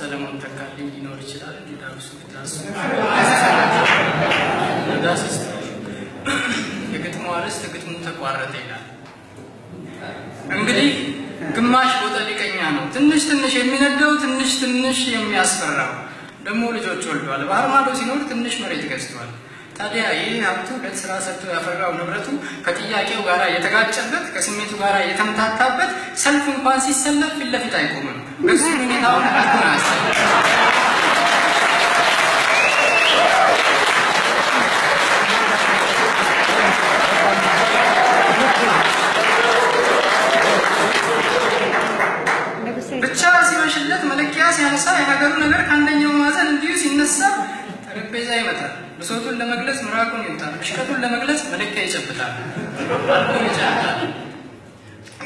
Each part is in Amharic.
ሰለሞን ተካልኝ ሊኖር ይችላል። የዳዊት የግጥሙ አርዕስት ግጥሙ ተቋረጠ ይላል። እንግዲህ ግማሽ ቦጠሊቀኛ ነው። ትንሽ ትንሽ የሚነደው ትንሽ ትንሽ የሚያስፈራው ደግሞ ልጆች ወልዷል። ባህር ማዶ ሲኖር ትንሽ መሬት ገዝቷል። ታዲያ ይህ ሀብቱ ስራ ሰጥቶ ያፈራው ንብረቱ ከጥያቄው ጋር የተጋጨበት ከስሜቱ ጋር የተመታታበት ሰልፍ እንኳን ሲሰለፍ ፊት ለፊት አይቆምም። በሱ ሁኔታውን አልኮናሰ ይጨብጣል። ብሶቱን ለመግለጽ ምራቁን ይወጣል። ምሽከቱን ለመግለጽ መለኪያ ይጨብጣል።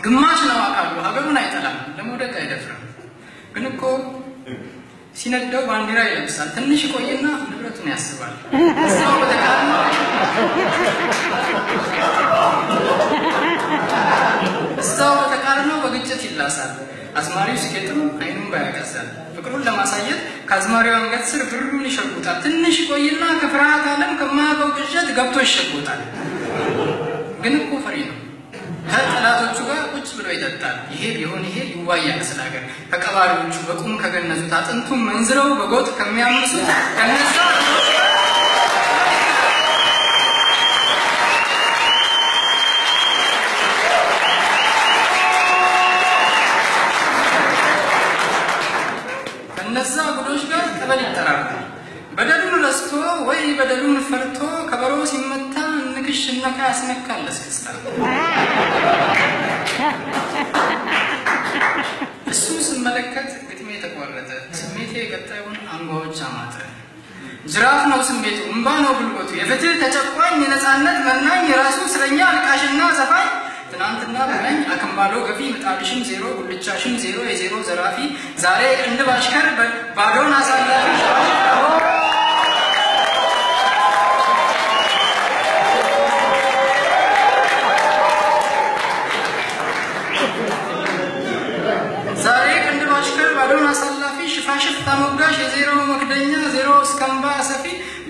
ግማሽ ነው አካሉ። ሀገሩን አይጠላም፣ ለመውደቅ አይደፍርም። ግን እኮ ሲነደው ባንዲራ ይለብሳል። ትንሽ ቆይና ንብረቱን ያስባል። እዛው በተቃርማ እዛው በተቃርነው በግጭት ይላሳል። አዝማሪው ሲገጥም አይኑን ባያቀዛል። ፍቅሩን ለማሳየት ከአዝማሪው አንገት ስር ብሩን ይሸጉጣል። ትንሽ ቆይና ከፍርሃት ዓለም ከማያውቀው ግጭት ገብቶ ይሸጉጣል። ግን እኮ ፍሬ ነው። ከጠላቶቹ ጋር ቁጭ ብሎ ይጠጣል። ይሄ ቢሆን ይሄ ይዋያል ስለ ሀገር ከቀባሪዎቹ በቁም ከገነዙት አጥንቱን መንዝረው በጎጥ ከሚያምሱት ከነዛ ወይ በደሉን ፈርቶ ከበሮ ሲመታ ንክሽ ነካ ያስነካል እስክስታ። እሱ ስመለከት ግጥሜ የተቋረጠ። ስሜቴ የቀጣዩን አንጓዎች አማጠ። ጅራፍ ነው ስሜቱ፣ እምባ ነው ብልቆቱ፣ የፍትህ ተጨቋኝ፣ የነፃነት መናኝ፣ የራሱ እስረኛ አልቃሽና ዘፋኝ ትናንትና በመኝ አክምባሎ ገፊ ምጣድሽም ዜሮ ጉልቻሽም ዜሮ የዜሮ ዘራፊ ዛሬ ቅንድብ አሽከር ባዶን አሳላፊ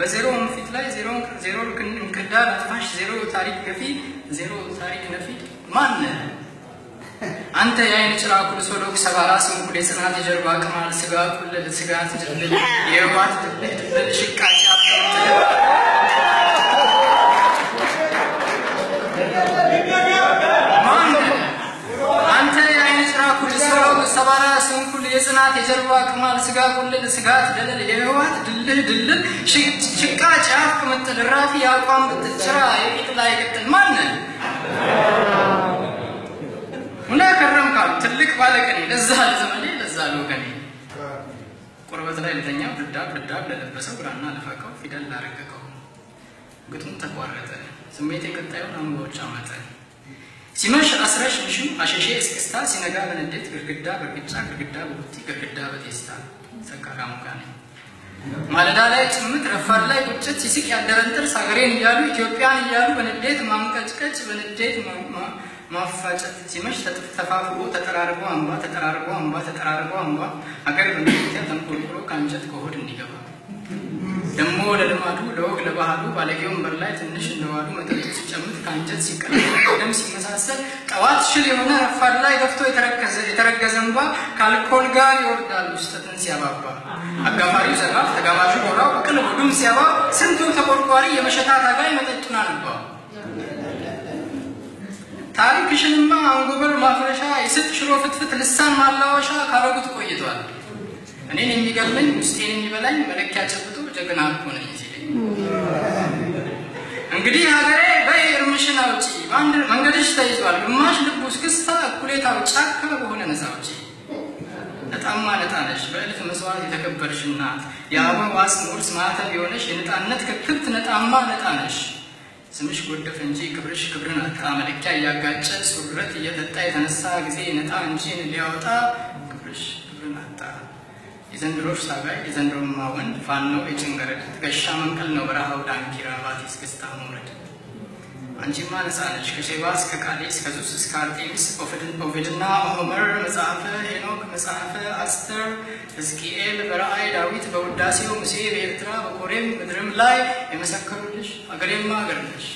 በዜሮ ፊት ላይ ዜሮ እንክዳ አጥፋሽ፣ ዜሮ ታሪክ ገፊ፣ ዜሮ ታሪክ ነፊ ማን አንተ የአይን ጭራቁ ሶዶክ ሰባራ ስንኩል የጽናት የጀርባ ቅማል ስጋ ስጋት ልልድ የህዋት ድልድ ሽቃጭ ማል ስጋ ቁልል ስጋት ደለል የህወሓት ድልህ ድልል ሽቃ ጫፍ ቅምጥል ራፊ አቋም ብትል ጭራ የቂጥ ላይ ቅጥል ማንን ሁና ከረም ካ! ትልቅ ባለቀኔ ለዛ ለዘመኔ ለዛ ለወገኔ ቁርበት ላይ ልተኛ ብዳ ብዳ ለለበሰው ብራና ለፈቀው ፊደል ላረቀቀው ግጥሙ ተቋረጠ ስሜት የቀጣዩን አንጓዎች አመጠ ሲመሽ አስረሽ ምሽም አሸሼ እስክስታ ሲነጋ በንዴት ግርግዳ በግጫ ግርግዳ በቡቲ ግርግዳ በቴስታ ሰካካሙ ጋር ነኝ ማለዳ ላይ ጭምት ረፋድ ላይ ቁጭት ሲስቅ ያደረን ጥርስ ሀገሬን እያሉ ኢትዮጵያን እያሉ በንዴት ማንቀጭቀጭ በንዴት ማፋጨት ሲመሽ ተፋፍጎ ተጠራርጎ አንባ ተጠራርጎ አንባ ተጠራርጎ አንባ ሀገር በንዴት ተንቆልቁሎ ከእንጨት ከሆድ እንዲገባ ደግሞ ለልማዱ ለወግ ለባህሉ ባለጌ ወንበር ላይ ትንሽ ልማዱ መጠጡ ሲጨምት ከእንጨት ሲቀደም ደም ሲመሳሰል ጠዋት ሽል የሆነ ረፋድ ላይ ገፍቶ የተረገዘ እንባ ከአልኮል ጋር ይወርዳል ውስጠትን ሲያባባ አጋፋሪው ዘራፍ ተጋባዡ ሆራው ቅል ቡዱም ሲያባ ስንቱ ተቆርቋሪ የመሸታ ታጋይ መጠጡን አንባ ታሪክ ሽልማ አንጎበር ማፍረሻ የስት ሽሮ ፍትፍት ልሳን ማላወሻ ካረጉት ቆይቷል። እኔን የሚገርመኝ ውስጤን የሚበላኝ መለኪያ ጭብ ጀግና እኮ ነኝ ሲለኝ እንግዲህ ሀገሬ በይ እርምሽን አውጪ፣ መንገድሽ ተይዟል፣ ግማሽ ልቡ እስክስታ እኩሌታው ጫካ በሆነ ነፃ አውጪ። በጣም ማለት በእልፍ መስዋዕት የተከበርሽ እናት የአበባ ስም ማተብ ማዕተብ የሆነሽ የነጣነት ከክብት ነጣማ ነጣነሽ ስምሽ ጎደፍ እንጂ ክብርሽ ክብርን አጣ መለኪያ እያጋጨ ሱረት እየጠጣ የተነሳ ጊዜ ነጣ እንጂን ሊያወጣ የዘንድሮ ሳቢያ የዘንድሮ ማወን ፋኖ የጭንገረድ ትከሻ መንቀል ነው በረሃው ዳንኪራ ባቲስ ክስታ መውረድ አንቺማ ነፃ ነች ከሼባ እስከ ቃሌ እስከ ዙስ እስከ አርጤሚስ ኦቪድና ሆመር መጽሐፈ ሄኖክ መጽሐፈ አስተር ሕዝቅኤል በረአይ ዳዊት በውዳሴው ሙሴ በኤርትራ በኮሬም ምድርም ላይ የመሰከሩልሽ አገሬማ አገር ነች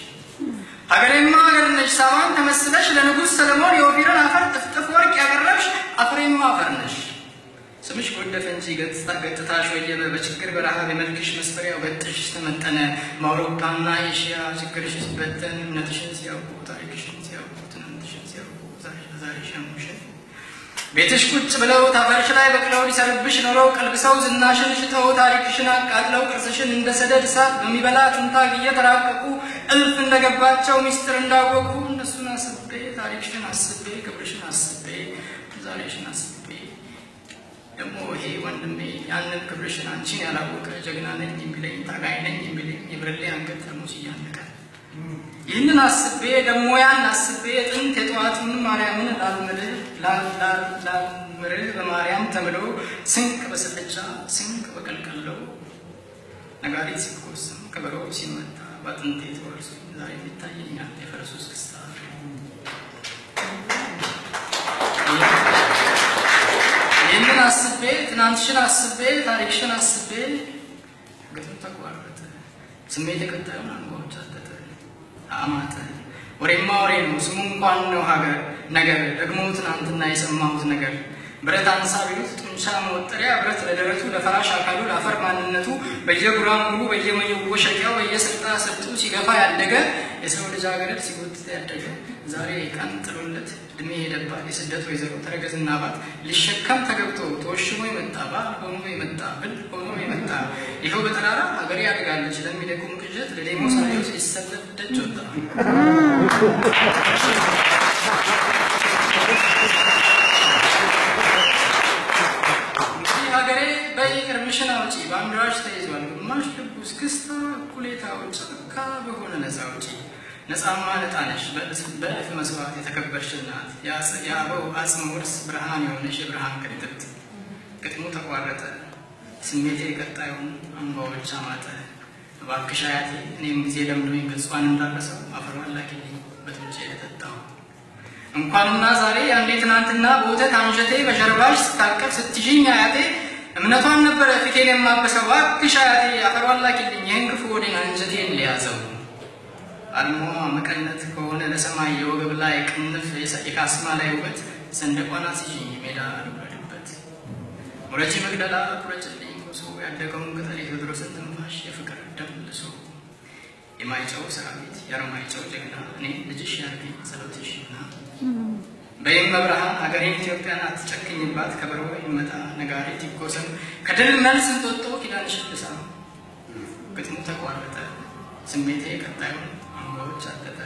ሀገሬማ ሀገር ነች ሳባን ተመስለሽ ለንጉሥ ሰለሞን የኦፊርን አፈር ጥፍጥፍ ወርቅ ያቀረብሽ አፈሬማ አፈር ነች። ቁስልሽ ጎደፈን ገጽታ ገጽታሽ በችግር በረሃብ የመልክሽ መስፈሪያው ገጥሽ ተመጠነ በአውሮፓና ኤሽያ ችግርሽ ሲበተን እምነትሽን ሲያውቁ ታሪክሽን ሲያውቁ ትናንትሽን ሲያውቁ ዛሬሽ ቤትሽ ቁጭ ብለው ታፈርሽ ላይ በቅለው ሊሰርብሽ ኖረው ቀልብሰው ዝናሽን ሽተው ታሪክሽን አቃጥለው ቅርስሽን እንደ ሰደድ እሳት በሚበላ ትንታግ እየተራቀቁ እልፍ እንደገባቸው ሚስጥር እንዳወቁ እነሱን አስቤ ታሪክሽን አስቤ ክብርሽን አስቤ ዛሬሽን አስቤ ደግሞ ይሄ ወንድሜ ያንን ክብርሽን አንቺን ያላወቀ ጀግና ነኝ የሚለኝ ታጋይ ነኝ የሚለኝ የብርሌ አንገት ደግሞ ሲያነቀ ይህንን አስቤ ደግሞ ያን አስቤ ጥንት የጠዋቱን ማርያምን ላልምርህ ላልምርህ በማርያም ተምለው ስንቅ በሰጠቻ ስንቅ በቀልቀለው ነጋሪት ሲኮስም ከበሮ ሲመታ በጥንት ተወርሶ ዛሬ የሚታየኛል የፈረሱ ክስታ አስቤ ትናንትሽን አስቤ ታሪክሽን አስቤ ግጥም ተቋረጠ። ስሜት የቀጣዩን አንጓዎች አጠጠ አማተ። ወሬማ ወሬ ነው ስሙ እንኳን ነው ሀገር ነገር ደግሞ ትናንትና የሰማሁት ነገር ብረት አንሳ ቢሉት ጡንቻ መወጠሪያ ብረት ለደረቱ ለፈራሽ አካሉ ለአፈር ማንነቱ በየጉራንጉሩ በየመየወሸቂያው በየስልጣ ሰጡ ሲገፋ ያደገ የሰው ልጅ አገረድ ሲጎትት ያደገ ዛሬ ቀን ጥሎለት እድሜ የደባ የስደት ወይዘሮ ተረገዝና ባት ሊሸከም ተገብቶ ተወሽሞ የመጣ ባል ሆኖ የመጣ ብል ሆኖ የመጣ ይኸው በጠራራ ሀገሬ አድጋለች ለሚደቁም ቅዠት ለሌሞ ሳሌዎች ሊሰለድ ደጅ ወጣ። ሀገሬ በይ እርምሽን አውጪ፣ በአምድራሽ ተይዟል ግማሽ ልቡ እስክስታ እኩሌታው ጫካ በሆነ ነፃ አውጪ ማለት አለሽ በእልፍ መስዋዕት የተከበርሽ እናት የአበው አጽም ውርስ ብርሃን የሆነሽ የብርሃን ቅድብት ግጥሙ ተቋረጠ። ስሜቴ የቀጣዩን አንባዎች አማጠ። እባክሽ አያቴ እኔም ጊዜ ለምዶኝ ገጿን እንዳረሰው አፈሯን ላኪልኝ በትንጭ የተጠጣው እንኳንና ዛሬ አንዴ ትናንትና በወተት አንጀቴ በጀርባሽ ስታቀፍ ስትሽኝ አያቴ እምነቷን ነበረ ፊቴን የማበሰው እባክሽ አያቴ አፈሯን ላኪልኝ ይህን ክፉ ወዴን አንጀቴን ሊያዘው በአርምሞ መቀነት ከሆነ ለሰማይ የወገብ ላይ ቅንፍ የካስማ ላይ ውበት ሰንደቋና ሲሽኝ ሜዳ ልውረድበት ሙረጂ መግደላ ቁረጭልኝ ቁሶ ያደገውን ቅጠል የቴዎድሮስን ትንፋሽ የፍቅር ደም ልሶ የማይጨው ሰራዊት የአረማይጨው ጀግና እኔ ልጅሽ ያርገኝ ጸሎትሽ ና በይም መብርሃን ሀገሬን ኢትዮጵያን አትጨክኝባት ከበሮ ይመጣ ነጋሪት ይጎሰም ከድል መልስ እንጦጦ ኪዳንሽ ልሳ ግጥሙ ተቋረጠ ስሜቴ ቀጣዩን もうっちゃってた。